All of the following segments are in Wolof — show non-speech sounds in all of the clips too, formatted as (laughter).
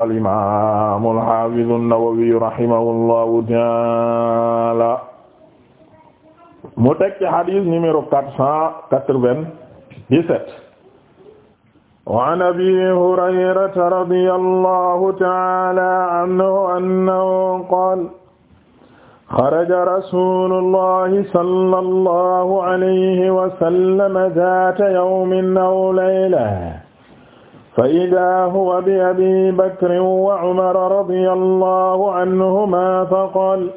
al-imaam al-haafiz an-Nawawi rahimahullahu ta'aala mu teg ci xadis numéro quatre cent quatre-vingt-dix-sept wa an Abii Hurayrata radiyallahu ta'aala anhu annahu qaala xaraja rasuulullahi sallallahu alayhi wa sallam zaata yawmin aw layla fa idaa huwa bi abi bakrin wa umara radiyallahu anhumaa faqaala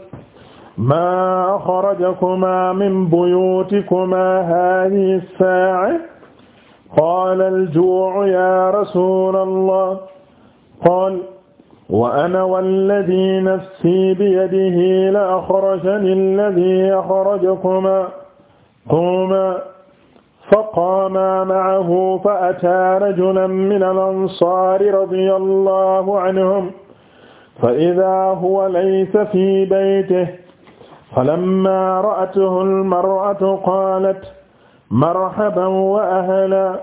maa axrajakumaa min buyuutikumaa haadihi saa'a qaala al-juu'u yaa rasuulallah qaala wa ana walladii nafsii biyadihi la axrajanii alladii axrajakumaa quumaa فقاما معه فأتى رجلا من الأنصار رضي الله عنهم فإذا هو ليس في بيته فلما رأته المرأة قالت مرحبا وأهلا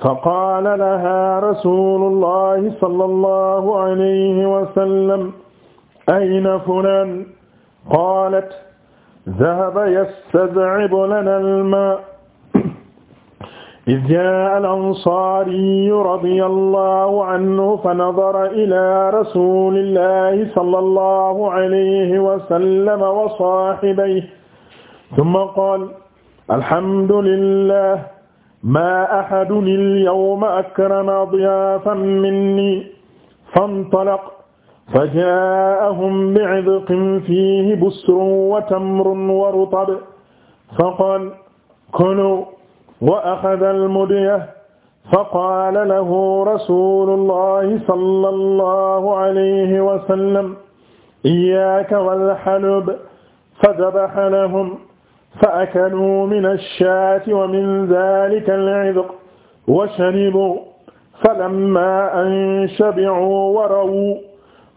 فقال لها رسول الله صلى الله عليه وسلم أين فلان قالت ذهب يستذعب لنا الماء إذ جاء الأنصاري رضي الله عنه فنظر إلى رسول الله صلى الله عليه وسلم وصاحبيه ثم قال الحمد لله ما أحد اليوم أكرم ضيافا مني فانطلق فجاءهم بعذق فيه بسر وتمر ورطب فقال كلوا wa axada almudiya fa qaala lahu rasulullahi sallallahu alayhi wa sallam iyyaaka wal halub fa dabaha lahum fa akaluu min ash-shaati wa min dhaalika al-'idq wa sharibuu falammaa anshabihuu wa rawuu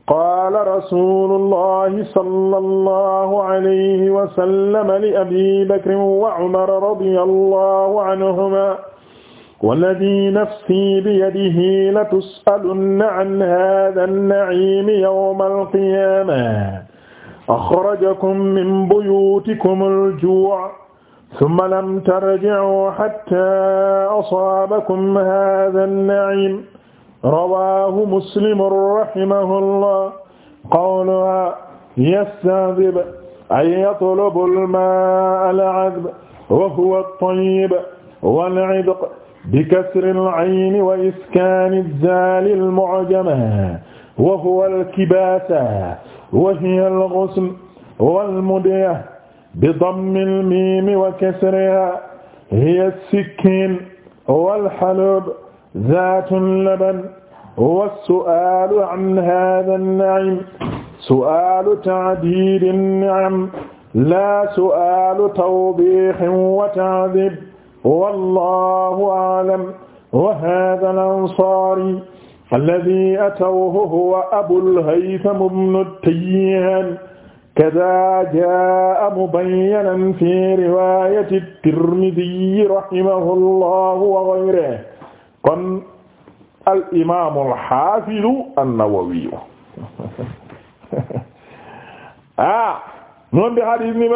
qaala rasuulullahi sallallahu alayhi wa sallam li abi bakrin wa umar radiyallahu anhumaa walladii nafsii biyadihi latus'alunna an haazaa an-na'iimi yawmal qiyaamah axrajakum min buyuutikumul juu' summa lam tarji'uu hattaa asaabakum haazaa an-na'iim rawaahu muslim rahimahullah qawluhaa yasta'dib ay yatlubu al-maa'a al-'azba wa huwa at-tayyib wal-'idq bikasri al-'ayni wa iskaani az-zaali al-mu'jama wa huwa al-kibaasa wa hiya al-ghusl wal-mudya bidammi al-miimi wa kasrihaa hiya as-sikkiin wal-haluub zaatun laban wassu'aalu an haadha an-na'im su'aalu ta'diidi an-ni'am laa su'aalu tawbiihin wa ta'diib wallaahu a'lam wa haadha al-ansaari alladhii atawhu huwa abul haytham ibnu at-tayyaan kadaa jaa'a mubayyanan fii riwaayati at-tirmidhii rahimahullaahu wa ghayrihi kon al imaamu al xaafidu an-Nawawi (laughs) ah ñoom bi hadith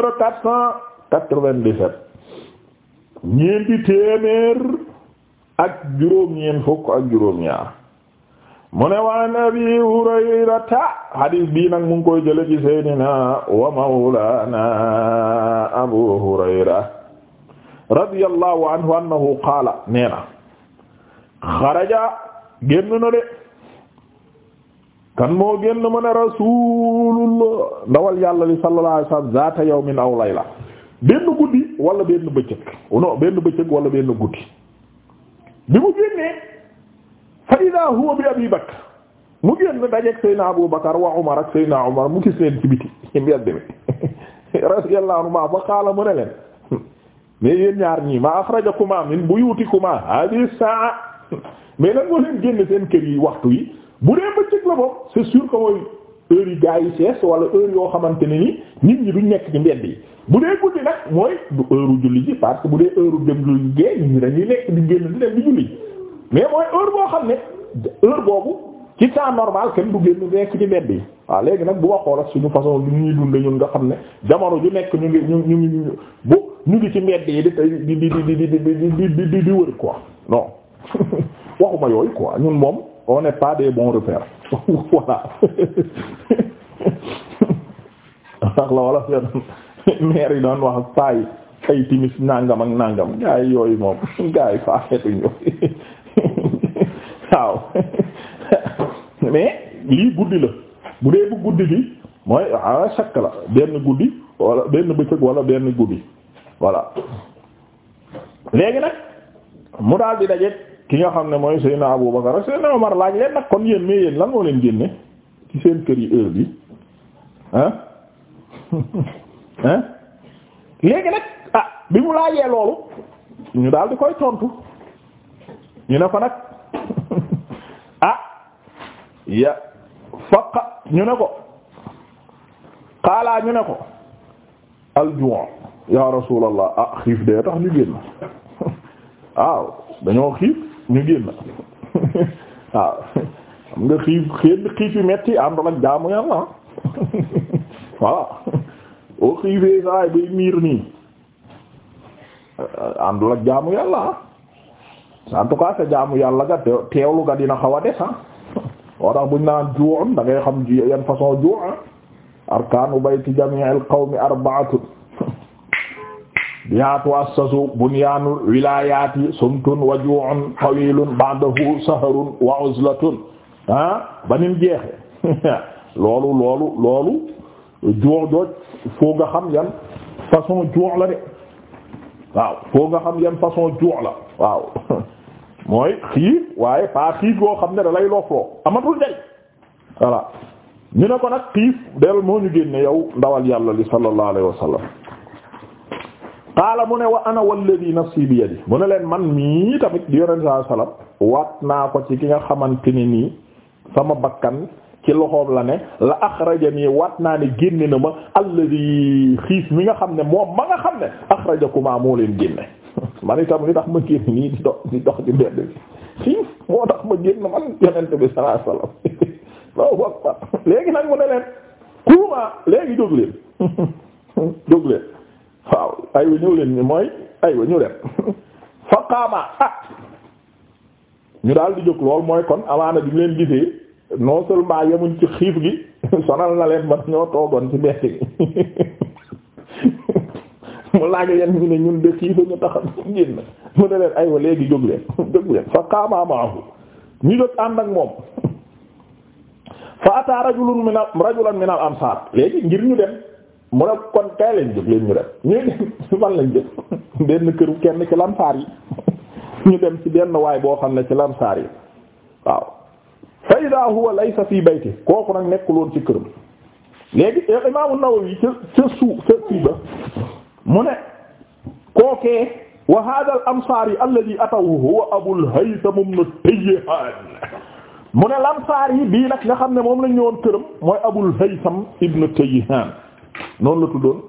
ak juróom-ñeent fukk ak juróom-ñaar mu ne waan abi hurayrata hadith bii nag mu ngi koy jële ci wa mawlana abu hurayra radiyallahu anhu annahu qaala xaraja génn na de kan moo génn mu ne rasulullah ndawal yàlla li sallallahu alayhi wasallam zaata yawmin aw layla benn guddi wala benn bëccëg non benn bëccëg wala benn guddi bi mu génnee fa idaa bi abi mu génn dajeek seyna abu wa umar ak seyna mu gis leen ci biti ci mbedd mi (laughs) radiyallahu anhuma fa qaala mu ne leen hmm, mais yéen ñaar ñii ma axrajakuma min buyutikuma hadi saa mais lan moo leen génn seen kër yi waxtu yi bu dee bëccëg la moom c'est sûr que mooy heure yi gars yi sees wala heure yoo xamante ne ni nit ñi duñ nekk ci mbedd yi bu dee guddi nag mooy du heure julli ji parce que bu dee heure dem ñi nekk di génn di dem mais mooy heure boo xam ne heure boobu ci temps normal kenn du génn nekk ci mbedd yi waaw léegi nag bu waxoo ak suñu façon lu ñuy dund ñun nga xam ne jamono ju nekk ñu ngi ñu ñu ngi bu ñu ngi ci mbedd yi di di di di di di di di di wër ko non. (laughs) waxuma yooyu quoi ñun moom on pas des bons repères (laughs) voilà ndax la wala seen maire yi doon wax paa yi ay timis nangam ak nangam gars yooyu moom (laughs) gars yi faa xeetuñu waaw mais lii guddi la bu dee bu guddi bi mooy ah chaque la benn guddi wala benn bëccëg wala benn guddi voilà léegi nag. mu daal di daje ki nga xam ne mooy Seydina Abu Bakar Seydina Omar laaj leen nag kon yéen mais yéen lan moo leen génne ci seen kër yi heure bi ah (laughs) ah léegi nag ah bi mu laajee loolu ñu daal di koy tontu ñu ne ko nag (laughs) ah ya faqa ñu ne ko xaalaa ñu ne ko al ya rasulallah ah xiif de tax ñu génn waaw dañoo xiif ñu génn (laughs) waaw xam nga xiif xéet metti àndoon ak jaamu yàlla (laughs) voilà boo xiifee saay bay miir nii àndul ak jaamu yàlla en tout cas sa jaamu yàlla ga teewlu ga dina xaw a des ah woo (laughs) buñ naan juu'un da ngay xam yan façon juu'a ah. arkaanu bayti jami'il qawmi arba'atun yaatu assasu bunyaanu wilayaati sumtun waju'un tawilun ba'dahu saharun wa uzlatun ah banim jeexe (laughs) loolu loolu loolu juux jooj foo nga xam yan façon juux la de waaw foo nga xam yan façon juux la waaw (laughs) mooy xiif waaye pas xiif yoo xam ne da lay lofloo amatul jay voilà ñu ne ko nag xiif del moo ñu génne yow ndawal yàlla li sallallahu alayhi wa sallam qaala mu ne wa ana walladhi nafsi bi yadi mu ne leen man mii tamit di yonent saa salaam waat naa ko ci ki nga xamante ne nii sama bakkan ci loxoom la ne la axrajani waat naa ne génne na ma alladhi xiif mi nga xam ne moom ma nga xam ne axrajakuma moo leen génne (laughs) man itam li tax ma génn nii di dox di dox di mbedd bi xiif moo tax ma génn man yonent bi saa salaam waaw waaw léegi nag mu ne leen kuuma léegi jóg leen (laughs) waaw aywa ñëw leen mooy aywa ñu dem (laughs) fa ah ñu daal di jóg lool mooy kon amaana bi ñu leen gisee noo seulement yemuñ ci xiif gi (laughs) sonal na leen ba ñoo toogoon ci bett gi (laughs) mu laaj leen ñu ne ñun de xiifa ñu tax génn mu ne leen aywa léegi jóg leen jóg leen fa qaama maahu ñu jóg ànd ak moom fa ata rajulun min rajulan min al ansar léegi ngir ñu dem mu ne kon kay lañ jóg leen ñu dem benn këru kenn ci lamsaar yi ñu dem ci benn waay boo xam ne ci lamsaar yi waaw fa ida huwa laysa fi bayti kooku nag nekkuloon ci këram léegi imaamu Nawawi ca ca suuf ne kookee wa hada al ansaari alladi atawu huwa abul haytham mu ne lamsaar yi bii nag nga xam ne moom lañ ñëwoon këram mooy abul haytham noonu la tuddoon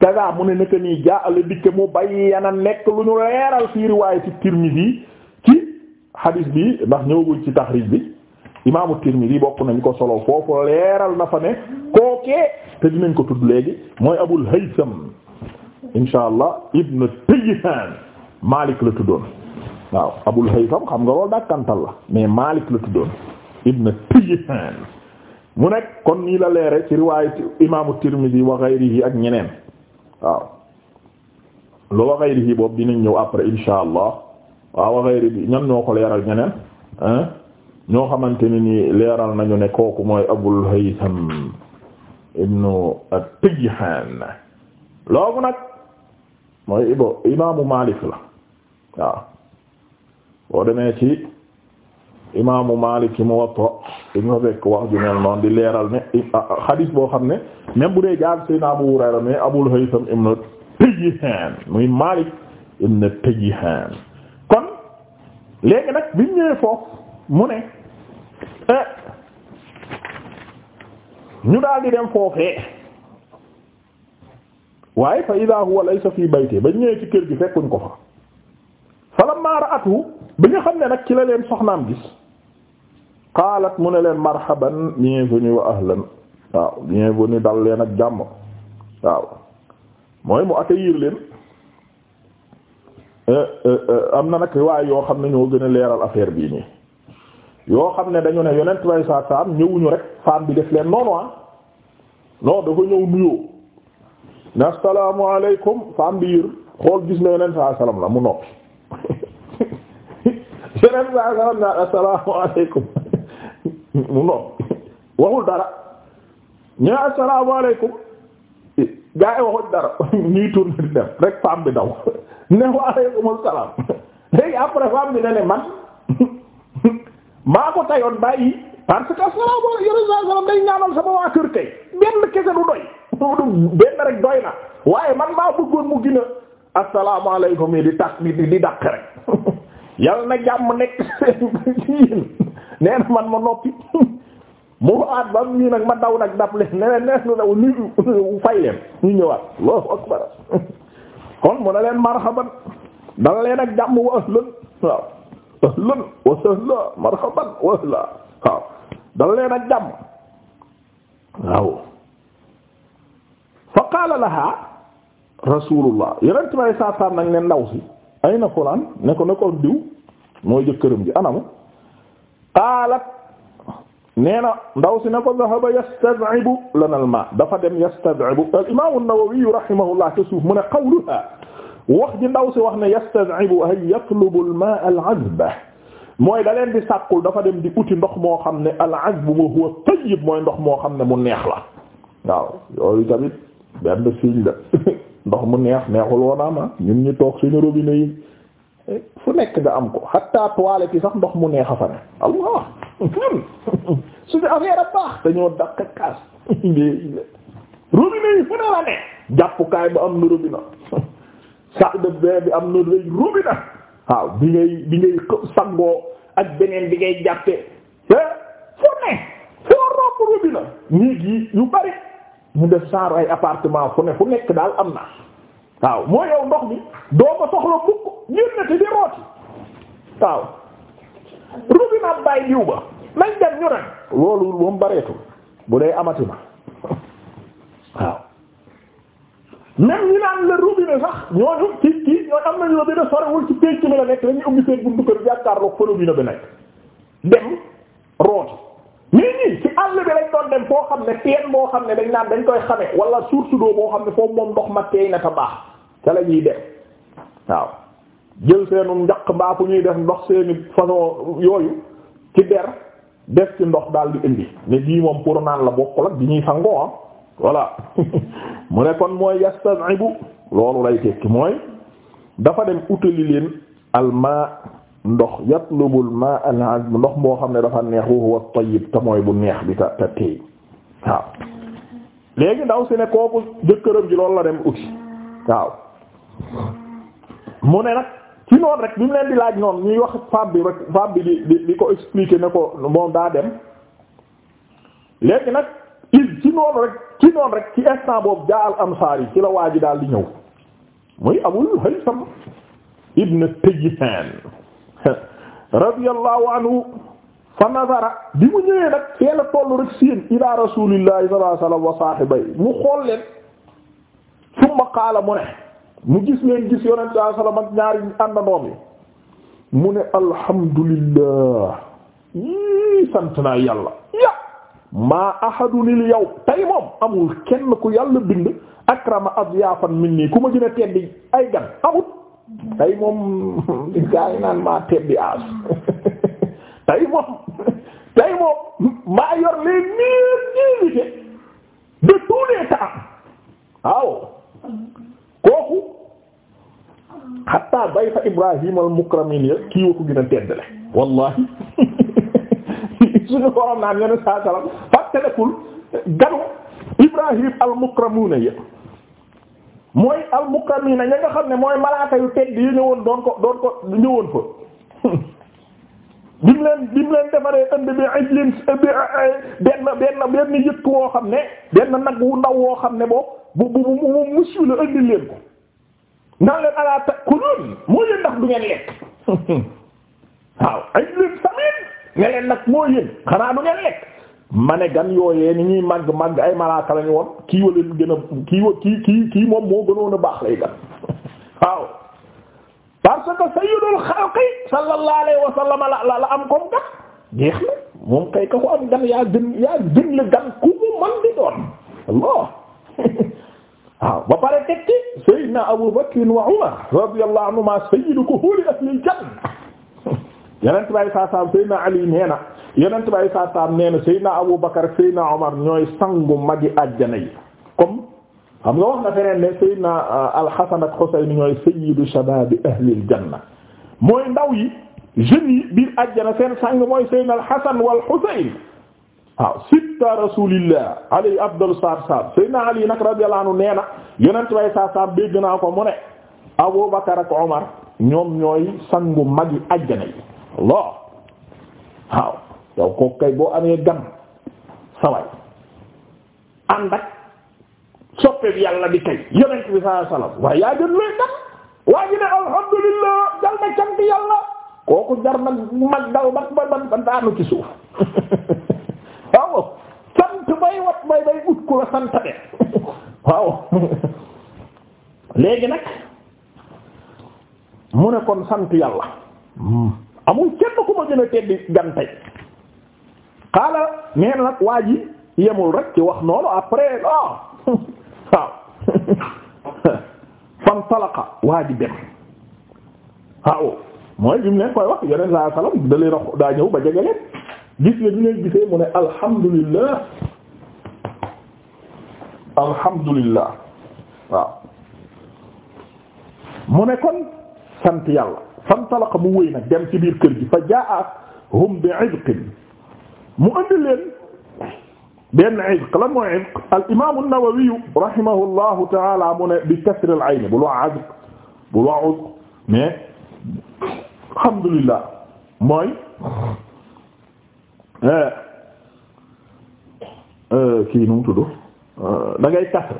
kaga mu ne naka nii jaa ala dikke mu bayyana nekk lu ñu leeral fii riwaaya ci Tirmidhi bi ndax ñëwaguñ ci taxrij bi imaamu Tirmidhi bokk nañ ko solo foofu leeral na fa ne kookee te dinañ ko tudd léegi mooy Abul Haytham insha allah Ibn Tayhan Malik la tuddoon waaw Abul Haytham xam nga loolu dakkantal la mais Malik la tuddoon Ibn Tayhan mu nekk kon nii la leere ci riwaayat imaamu Tirmidhi wa ghayrihi ak ñeneen waaw lu wa ghayrihi boobu dinañ ñëw après insha allah waaw wa ghayrihi ñoo ko leeral ñeneen ñoo xamante ne nii leeral nañu ne kooku mooy Abul Haytham ibnu at-Tayhan loolu nag mooy ibo imaamu Maalik la waaw boo demee ci imaamu Maalik ci Muwatta dañu fa fekk wax ju mel noonu di leeral ne xadis boo xam ne même bu dee jaar Seydina Abu Hurayra mais Abul Haytham ibn Tayyihan muy Maalik ibn Tayyihan kon léegi nag biñ ñëwee foofu mu ne eh, ñu daal di dem foofee waaye fa idaa huwa laysa fii baytee bañ ñëwee ci kër gi fekkuñ ko fa falammaa ra'atuhu bi nga xam ne nag ci la leen soxnaam gis qaalat mu ne leen marhaban bienvenue wa ahlan waaw bienvenue dal leen ak jàmm waaw mooy mu accueillir leen eh, eh, eh, am na nag riwaay yoo xam ne ñoo gën a leeral affaire bii nii yoo xam ne dañu ne yonent bay saa saam ñëwuñu rek femme bi def leen noonu ah non dafa ñëw nuyoo ne assalaamu alaykum femme bi yër xool gis na yonent saa la mu noppi (laughs) yonent saa ne assalaamu alaykum mu waxul dara ñu ne assalaamu alaykum gaa yi waxul dara ñuy tourné di def rek femme bi daw ne wa alaykum assalaam après femme bi ne ne man maa ko tayoon bàyyi parce que assalaamu alaykum yore saa salaam day ñaanal sama waa kër kay benn kese du doy benn rek doy na waaye man maa bëggoon mu gina assalaamu alaykum yi di tax di di rek yal na jàmm nekk seen nee man ma noppi (laughs) mu aat bam nii nag ma daw nag daf leen ne leen nees nu fay leen ñu ñëwaat Allahu akbar (laughs) kon mu ne leen marhaban dal leen ak jàmm wa ahlan waaw ahlan wa sahla marhaban wa leen ak jàmm waaw fa qaala laha rasulullah yenent may saa saa nag ne ndaw si ay na fulaan ne ko ne diw mooy jëkkëram ji anamu qaalat nee na ndaw si ne ko dhahaba yastad'ibu lana al ma dafa dem yastad'ibu al imam an-Nawawi rahimahullah te suuf mu ne qawluha wax ji ndaw si wax ne yastad'ibu ay yatlubu al ma al azba mooy da leen di sàkkul dafa dem di uti ndox moo xam ne al azbu ma huwa tayyib mooy ndox moo xam ne mu neex la waaw yooyu tamit benn signe la (laughs) ndox mu neex neexul woon ama ñun ñu toog suñu robinet yi fu nekk nga am ko hatta toilette yi sax ndox mu neex a fa allah (laughs) su fi a baax dañoo daq kaas (laughs) robinet yi fu ne la ne jàppukaay bu am na robinet (laughs) salle de bain bi am na robinet waaw bi ngay bi ngay sangoo ak beneen bi ngay jàppee eh, fu ne foo romb robinet néeg yi yu bari ñu def saaru ay appartement fu ne fu nekk daal am na waaw moo yow ndox mi doo ko soxla mukk ñénnati di rooti waaw robinet bay diw ba nañ dem ñu ren loolu moom bareetul bu dee amati ma (laughs) waaw même ñi naan la robinet sax ñooñu ci ci ñooñu am nañu robinet sorewul ci pénc mi la nekk dañuy ubbi seen buntu kër jàkkaarloo fa robinet bi nag dem rooti mais ñii ci àll bi lañ doon dem foo xam ne teen boo xam ne dañ naan dañ koy xame wala source d'eau boo xam ne foofu moom ndox ma teey na ta baax ca la de def waaw jël seenum njaq mbaa fu ñuy def ndox seeni façon yooyu ci der def ci ndox daal di indi ne bii moom pour naan la bokkul ak bi ñuy sangoo am ah. voilà (laughs) mu ne kon mooy yastad'ibu mooy dafa dem utali leen almaa ndox yatlubul ma al-azb ndox moo xam ne dafa neex wa tayyib te mooy bu neex bi te teey waaw léegi ndaw si ne kooku jëkkëram ji loolu la dem uti waaw mu ne nag ci noonu rek bi mu leen di laaj noonu ñuy wax femme bi rek femme bi di di di ko expliquer ne ko moom daa dem léegi nag il ci noonu rek ci noonu jaa al ansaar yi ci la waa ji daal di ñëw muy Abul Haysam ibn Tayyihan (laughs) radiyallahu anhu fa nazara bi mu ñëwee nag fee la tollu rek siin ila rasulillahi sallallahu alayhi wa sallam wa mu xool leen summa qaala mu ne mu gis leen gis yonent saa salaam ak ñaari àndandoom yi mu ne alhamdulillah yii sant naa yàlla ya maa ahadunil yow tey moom amul kenn ku yàlla bind akrama adyafan minni ku ma gën a teddi ay gan amut tey moom (laughs) maa teddi aas (laughs) tey moom (laughs) tey moom maa yor les meilleurs kooku xataa bay fa Ibrahim al mukramin ya kii wa ko gën a teddale wallahi (laughs) suñu borom naan yone saa salam fàttalekul ganu Ibrahim al mukramuna ya mooy al mukramina ña nga xam ne mooy malaaka yu tedd yu ñëwoon doon ko doon ko ñëwoon fa (laughs) bi mu leen bi mu leen defaree ënd bi ijlin bi benn benn benn yëtt woo xam ne benn nag wu ndaw woo xam ne boo bu bu bu monsieur la ëndil leen ko naa leen alaa ta'kulun moo yéen ndax du ngeen lekk (laughs) waaw ijlin samin ne leen nag moo yéen xanaa du ngeen lekk ma gan yooyee ni ñuy màgg màgg ay malaaka lañu woon kii wa gën a kii wa kii kii kii moom moo gënoon a baax lay gan (laughs) waaw parce que sayyidul xalqi sallallahu alayhi wa sallam la la am comme gan jeex na moom kay ka ko am gan yaa gën yaa gën la gan ku mu man di doon Allah (laughs) waaw ba pare tekki sayyidina Abu Bakr wa Umar radiyallahu anhuma sayyidu kuhuli ahlil janna (laughs) yonent bi saa saam sayyidina Ali nee na yonent bi saa saam nee na sayyidina Abu Bakr sayyidina Umar ñooy sangu magi àjjana yi comme xam nga wax na feneen ne Seydina euh, Al-Hasan ak Husayn ñooy sayyidu shabaab ahlil janna mooy ndaw yi biir àjjana seen sang mooy Seydina Al-Hasan wal Husayn waaw ah, sitta rasulillah alayhi afdalu salaatu salaam Seydina Ali nag radiyallahu anhu nee na way saa saam dégg naa ko mu ne Abu ak Omar ñoom ñooy sangu magi àjjana yi Allah yow ko kay boo amee gan saway ànd soppe bi yàlla bi tey yonent bi sallallahu alayhi waaye yaa gën looy tax waa ji ne alhamdulillah dal na cant yàlla kooku jar nag mag daw ba daanu ci suuf sant (laughs) bay wat bay bay ut ku la sant de (laughs) waaw léegi nag mu ne kon sant yàlla amul kenn ku ma gën a teddi gantay xaala neen nag waa ji yemul rek ci wax noonu après ah (laughs) waaw (laughs) fan talaqa waa ji dem mooy bi mu leen koy wax yeneen salaam da leen a ba jege leen gis nga ñu leen gisee mu ne alhamdulillah alhamdulillah waaw mu ne kon sant fan talaqa mu wéy nag dem ci biir kër gi fa jaa hum bi idqin mu andi leen. benn ibq lan mooy ibq al imam an-Nawawi rahimahullahu taala mu ne bi kasr al ayn bul wax azq bul wax uzq mais alhamdulillah mooy eh, eh, kii nu mu tudd eh, da ngay kasr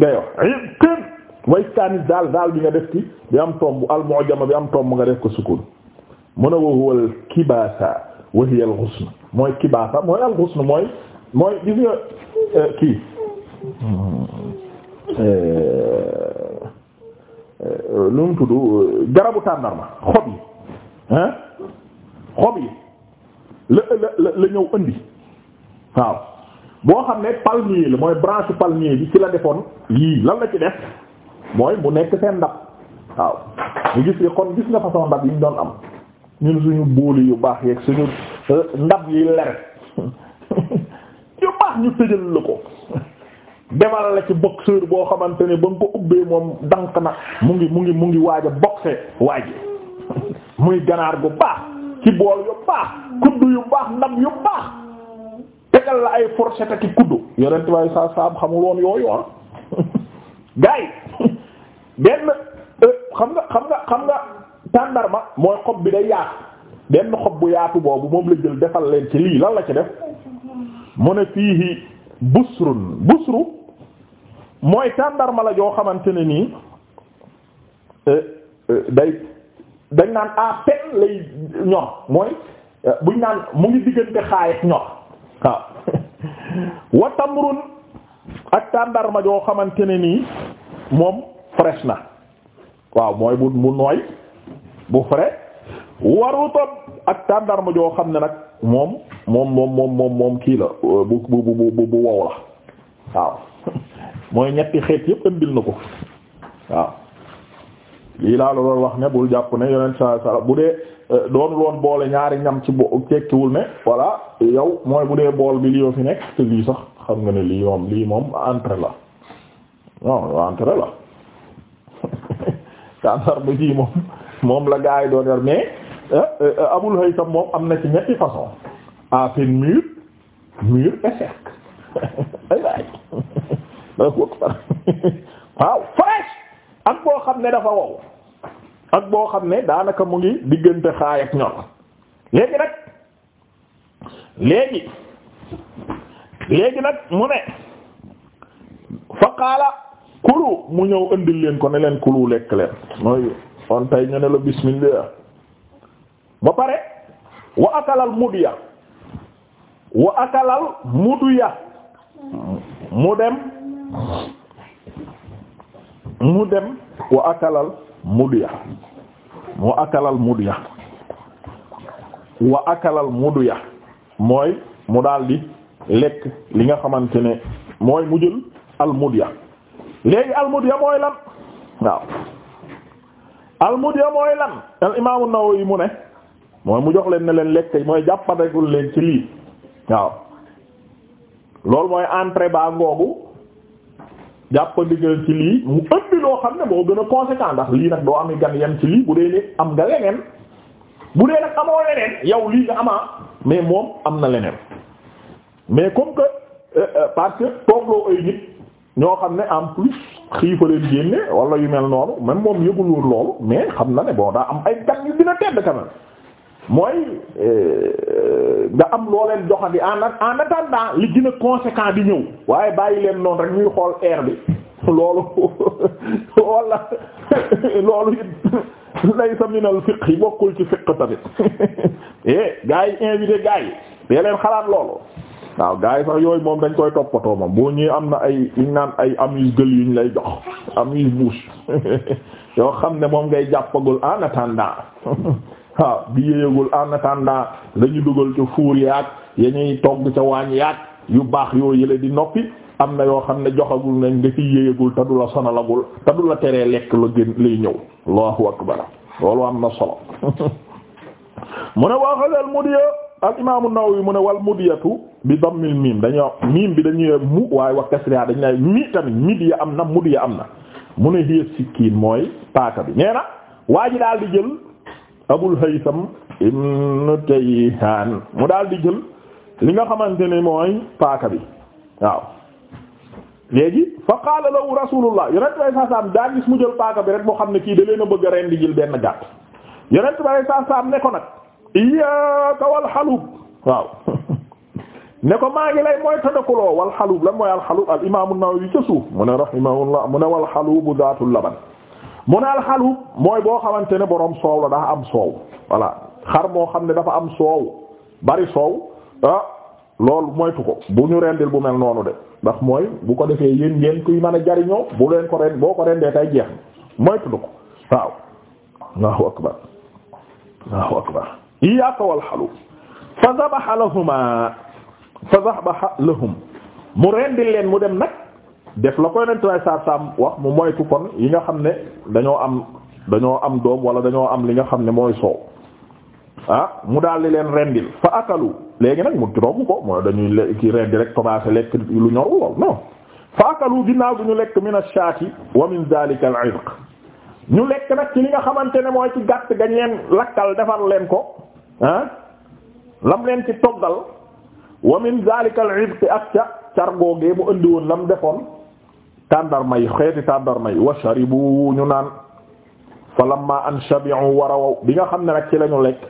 nga yox ibq way tanis daal daal bi nga def ci bi am tomb al mu'jama bi am tomb nga def ko sukun mu ne wa huwa al kibasa wa hiya al ghusn mooy kibasa mooy al ghusn mooy mooy gis nga euh, kii lu euh, euh, mu tudd garabu tàndarma xob yi hein xob yi la la la ñëw indi waaw boo xam ne palmier la mooy branche palmier bi ci la defoon yii lan la ci def mooy mu nekk seen ndab waaw ñu gis nga kon gis nga façon ndab yi ñu doon am ñun suñu booli yu baax yeeg suñu ndab yi lere ñu tëjal la ko demal la ci boxeur boo xamante ne ba nga ko ubbee moom dank na mu ngi mu ngi mu ngi waaja a boxe waaje muy ganaar gu baax ci bool yu baax kuddu yu baax ndam yu baax tegal la ay fourchette ak kuddu yorent waaye saa saab xamul woon yooyu ah gars yi benn euh, xam nga xam nga xam nga tàndarma mooy xob bi day yaatu benn xob bu yaatu boobu moom la jël defal leen ci lii lan la ci def mu ne fiihi busrun busru mooy tàndarma la joo xamante ne nii eh, eh, day dañ naan à lay ñor mooy eh, buñ naan mu ngi diggante xaayet ñor waaw (laughs) wa ak tàndarma joo xamante ne nii moom fresh na waaw mooy bu mu nooy bu frais waru topp ak tàndarma joo xam ne nag moom moom moom moom moom moom kii la bu bu bu bu wow la waaw (laughs) mooy ñetti xeet yépp bil na ko waaw lii laa la doon wax ne bul jàpp ne yonent saa sala bu dee euh, doonul woon boole ñaari ñam ci bo tekkiwul ne voilà yow mooy bu dee bool bi li yoo fi nekk te lii sax xam nga ne lii moom lii moom entrée la non entrée la (laughs) tàntar bu ji moom moom la gaa yi doon yor mais Eh, eh, eh, Abul Haytham moom am na ci ñetti façon à peine mûr (laughs) ay waay (laughs) (laughs) waaw fraîche ak boo xam ne dafa wow ak boo xam ne daanaka mu ngi diggante xaay ak ñor léegi nag léegi léegi nag mu ne faqaala kulu mu ñëw andil leen ko ne leen kulu lekk leen mooy on tey ñu ne la bismillah ba pare wa akalal mudiya wa akalal ya mu dem mu dem wa akalal mudiya wa akalal mudiya wa akalal mudiya mooy mu daldi lekk li nga xamante ne mooy mu jël al mudiya léegi al ya mooy lan waaw al mudiya mooy lan al imaamu Nawawi mu ne mooy mu jox leen na leen lekk mooy jàppandekul leen ci lii waaw loolu mooy entrée ba ngoogu jàppandigal ci lii mu ëndi loo xam ne moo gën a conséquent ndax lii nag doo am gan yem ci lii bu dee ni am nga leneen bu dee nag amoo leneen yow lii nga amaa mais moom am na leneen mais comme que euh, euh, parce que toogloo ay nit ñoo xam ne en plus xiifa leen génne wala yu mel noonu même moom yëgul woon loolu mais xam na ne bon daa am ay gan yu dina tedd quand mooy euh, euh, nga am loo leen joxandi en en li gën a conséquent ñëw waaye bàyyi leen noonu rek ñuy xool air bi loolu (laughs) walla (laughs) loolu it (laughs) laysa minal fiqh yi bokkul ci fiqh tamit eh yi invité gars yi dee xalaat loolu waaw gaa yi sax yooyu moom dañ koy toppatoo moom boo ñëwee am na ay ñu naan ay amuse-gueule yu ñu lay jox amuse-bouche yoo xam ne moom ngay jàppagul en attendant waaw bi yéegul en attendant la ñu dugal ca fuur yaag ya ñuy togg ca waañ yaag yu baax yoo yële di noppi am na yoo xam ne joxagul nañ nga ci yéegul te du la sonalagul te du la teree lekk la gën lay ñëw allahu akbar loolu am na solo (laughs) mu ne waaxaleel mudiya al imaamu Nawawi mu ne wal mudiyatu bi dammil miim dañoo miim bi dañuy mu waaye wa kasriha dañ lay mi tamit midiya am na mudiya am na mu ne hiya sikkiin mooy paaka bi nee na waa ji daal di jël Abul Haytham ibn Tayhan mu daal di jël li nga xamante ne mooy paaka bi waaw léegi fa qaala lahu Rasulullah yonent bay saa saam gis mu jël paaka bi rek moo xam ne kii da na bëgg a rendi jël benn gàtt yonent bay saa ne ko nag iyyaaka wal xalub waaw (laughs) ne ko maa ngi lay mooy tadakuloo wal xalub lan mooy al xalub al imaamu Nawawi ca suuf mu ne rahimahullah mu ne wal xalubu zaatul laban mu naal xalu mooy boo xamante ne boroom soow la daa am soow voilà xar moo xam ne dafa am soow bari soow ah loolu moytu ko bu ñu rendil bu mel noonu de ndax mooy bu ko defee yéen ngeen kuy mën a jariñoo bu leen ko ren boo ko rendee tay jeex moytu ko waaw Allahu akbar Allahu akbar iyyaka wal xalu fa zabaha lahuma fa zabaha lahum mu rendil leen mu dem nag def la koy nentway sar sam wax mu moytu kon yi nga xam ne dañoo am dañoo am doom wala dañoo am li nga xam ne mooy soow ah mu daal di leen rendil fa akalu léegi nag mu romb ko mooy dañuy ki di rek commencé lekk lu ñor lool non fa akalu ginnaaw bi ñu lekk min ash-shati wa min zalika al-irq ñu lekk nag ci li nga xamante ne mooy ci gàtt gañ leen lakkal defar leen ko ah lam leen ci toggal wa min zalika al ak ca cargoogee mu indi woon lam defoon tàndarma yi xeeti tàndarma yi wa sharibu ñu naan falamma an shabi'u bi nga xam ne nag ci lañu lekk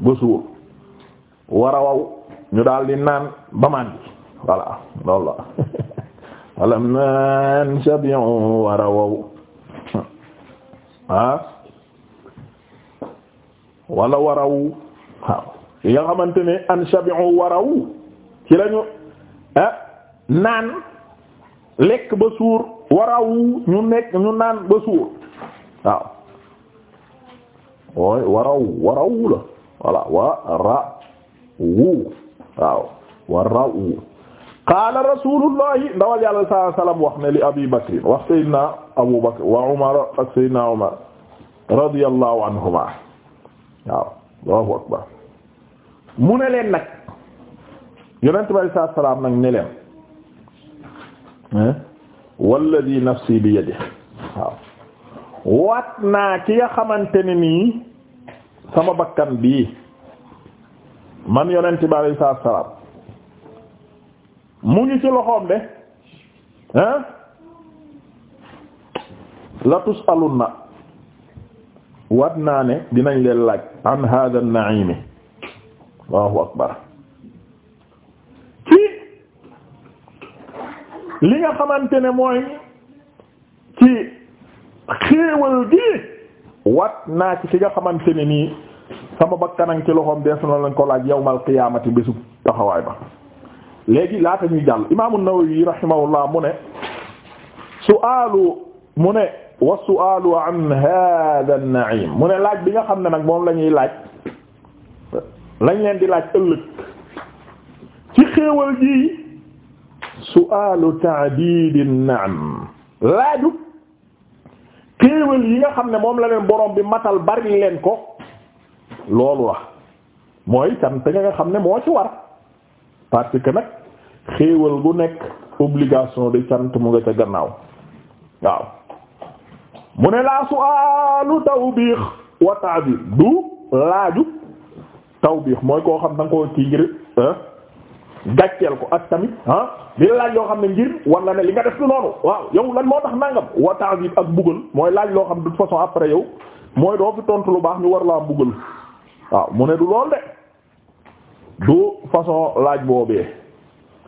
ba suur ñu daal di naan ba màndi voilà loolu la (laughs) falamma ah, wala waraw bi nga xamante ne an shabi'u waraw ci ah, naan lekk ba suur waraw ñu nekk ñu naan ba suur waaw wooy waraw waraw la voilà waraw waaw waraw qaala rasulullahi ndawal yàlla sallallahu alayhi wasallam wax ne li abi bakr wax sayyidina abu bakr wa umar ak sayyidina umar radiyallahu anhuma waaw allahu akbar mu ne leen nag yonent bi sallallahu alayhi wasallam nag ne leen walladi nafsi bi yadi waaw waat naa ki nga xamante ne nii sama bakkan bii man yonent bi alayhi salaatu wa salaam mu ngi ci loxoom de hein la tusaluna waat naa ne dinañ leen laaj an hada an-na'imi allahu akbar li nga xamante ne mooy ci xéewal gi wat naa ci ki nga xamante ni nii sama bakkanang ci loxoom des na lañ ko laaj yawmal qiyaamati bésub taxawaay ba léegi laata ñuy jàll imaamu Nawawi rahimahullah mu ne su'aalu mu ne wa su'aalu an hada an-na'im mu ne laaj bi nga xam ne nag moom la ñuy laaj lañ leen di laaj ëllëg ci xéewal gi su'aalu ta'diidi naam laaju xéewal yi nga xam ne moom la leen borom bi matal bari leen ko loolu la mooy cant nga nga xam ne moo ci war parce que nag xéewal gu nekk obligation de cant mu nga ca gannaaw waaw mu ne laa su'aalu tawbiix wa ta'diid du laaju tawbiix mooy koo xam danga koo kii gàcceel ko ak tamit ah laaj loo xam ne ngir war ne li nga def du noonu waaw yow lan moo tax nangam wa ta'zib ak buggal mooy laaj loo xam de toute façon après yow mooy doo fi tontu lu baax ñu war laa buggal waaw mu ne du lool de du façon laaj boobee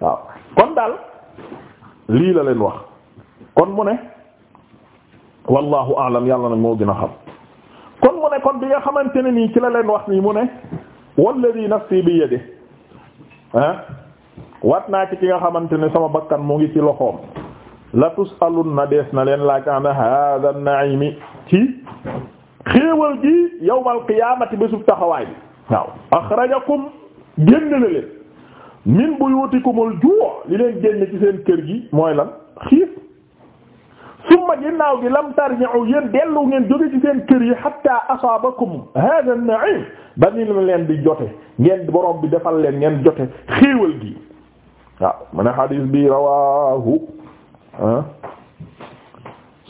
waaw kon daal lii la leen wax kon mu ne wallahu a'lam yàlla nag moo gën a xam kon mu ne kon bi nga xamante ne nii ci la leen wax nii mu ne walladhi nafsi bi yadihi ah wat naa ci ki nga xamante ne sama bakkan moo ngi ci loxoom la tusalun des na leen laaj an hada an-na'imi ci xéewal gi yawmal qiyaamati bésub taxawaay bi waaw axrajakum génn na leen min buyutikumul juu li leen génn ci seen kër gi mooy lan xiif summa ginnaaw gi lam tarji'u yéen dellu ngeen jóge ci seen kër yi hatta asaabakum hada naim ba ni leen di jote ngeen borom bi defal leen ngeen jote xéewal gi waaw mu ne xadis bi rawahu ah,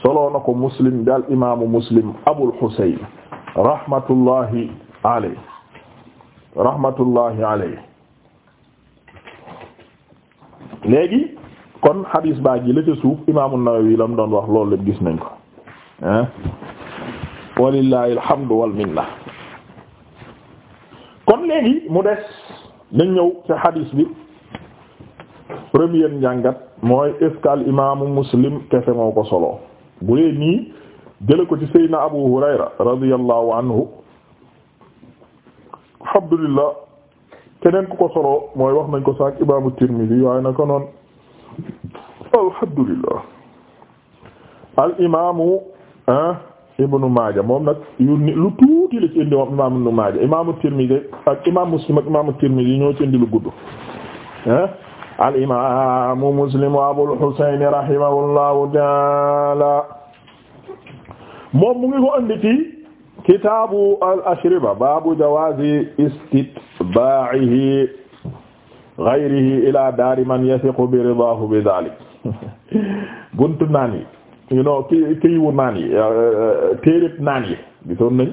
soloo na ko muslim daal imaamu muslim abul husayn rahmatullahi alayhi rahmatullahi alayhi léegi kon xadis baa ji la ca suuf imaamu nawawi wax loolu lépp gis nañ ko ah walillahi alhamdu wal minna kon léegi mu des nañ ñëw ci xadis bi premier njàngat mooy est al imaamu muslim kefe moo ko solo bu dee nii jële ko ci seydna abu hurayra radiyallahu anhu alhamdulillah keneen ku ko solo mooy wax nañ ko saak imaamu tirmidi waaye na ko noon alhamdulillah al imaamu ah ibnu maaja moom nag yu ni lu tuuti la ci indi imaamu maaja imaamu tirmidi ak imaamu muslim ak imaamu tirmidi ñoo ci indi lu gudd al imaamu Muslim Abul Husayn rahimahullahu taala moom mu ngi ko andi ci kitaabu al ashriba baabu jawaazi istitbaa'ihi ghayrihi ila daari man yathiqu bi ridaahu bi dhaalik buntu naan yi you know ki kiiwu naan yi uh, uh, téereb naan yi gisoon nañ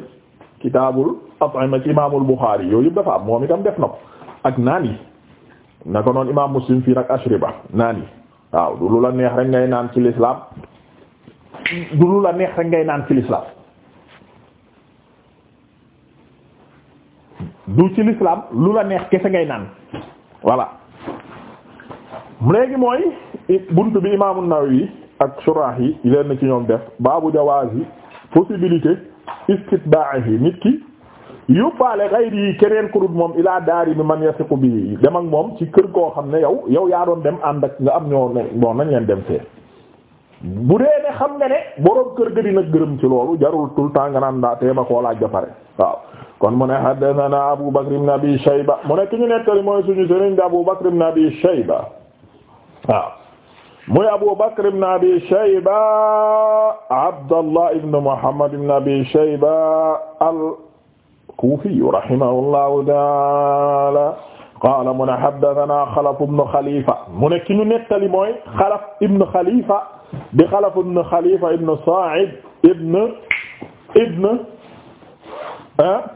kitaabul at'ima ci imaamul Buxaari yooyu yëpp dafa am moom itam def na ko ak naan yi na ko noon imaam muslim fii nag ashriba naan yi waaw lu la neex rek ngay naan ci lislaam du lu la neex rek ngay naan ci lislaam du ci lislaam lu la neex kese ngay naan voilà léegi mooy buntu bi imaamu yi ak surah yi leen na ci ñoom def baabu jawaazi possibilité istitbaahi nit ki yóbbaale xayri yi keneen ku dul moom ilaa daari bi man yasiqu bi dem ak moom ci kër goo xam ne yow yow yaa doon dem ànd ak nga am ñoo ne bon nañ leen dem fee bu dee ne xam nga ne boroom kër ga dina gërëm ci loolu jarul tout le nga naan daa teema koo laaj ba pare waaw kon mu ne haddathana Abu Bakr ibn Abi Shayba mu ne ki ñu nettali mooy suñu sëriñ di Abu Bakr ibn Abi Shayba waaw Abu Bakr ibn Abi Shayba Abdallah ibn Muhammad ibn Abi Shayba al-Kufi rahimahullahu taala qaala mu ne haddathana Xalaf ibn Xalifa mu ne ki ñu nettali mooy Xalaf ibn Xalifa di Xalaf ibn Xalifa ibn Sa'id ibn ibn ah,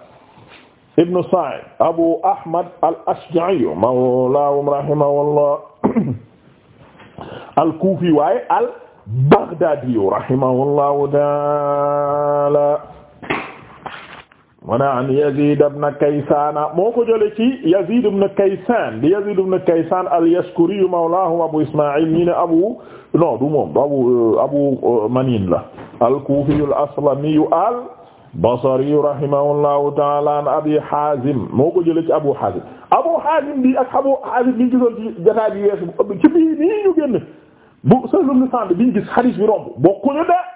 ibn Sa'id Abu Ahmad al-Ashja'i mawlaahum rahimahullah al-Kufi waaye al-Baghdadi rahimahullahu taala mu ne an Yazid ibn Kaysan moo ko jëlee ci Yazid ibn Kaysan di Yazid ibn Kaysan al-Yashkuri mawlahum Abu Isma'il ñi ne Abu non du moom Abu Abu euh, Manin la al-Kufi al-Aslami al-Basri rahimahullahu ta'ala an Abi Hazim moo ko jëlee ci Abu Hazim Abu Hazim bi ak Abu Hazim bi ñu gisoon ci jotaay bi weesu ci bii nii ñu génn bu Sahl ibn Sa'd bi ñu gis hadith bi romb bokkuñu de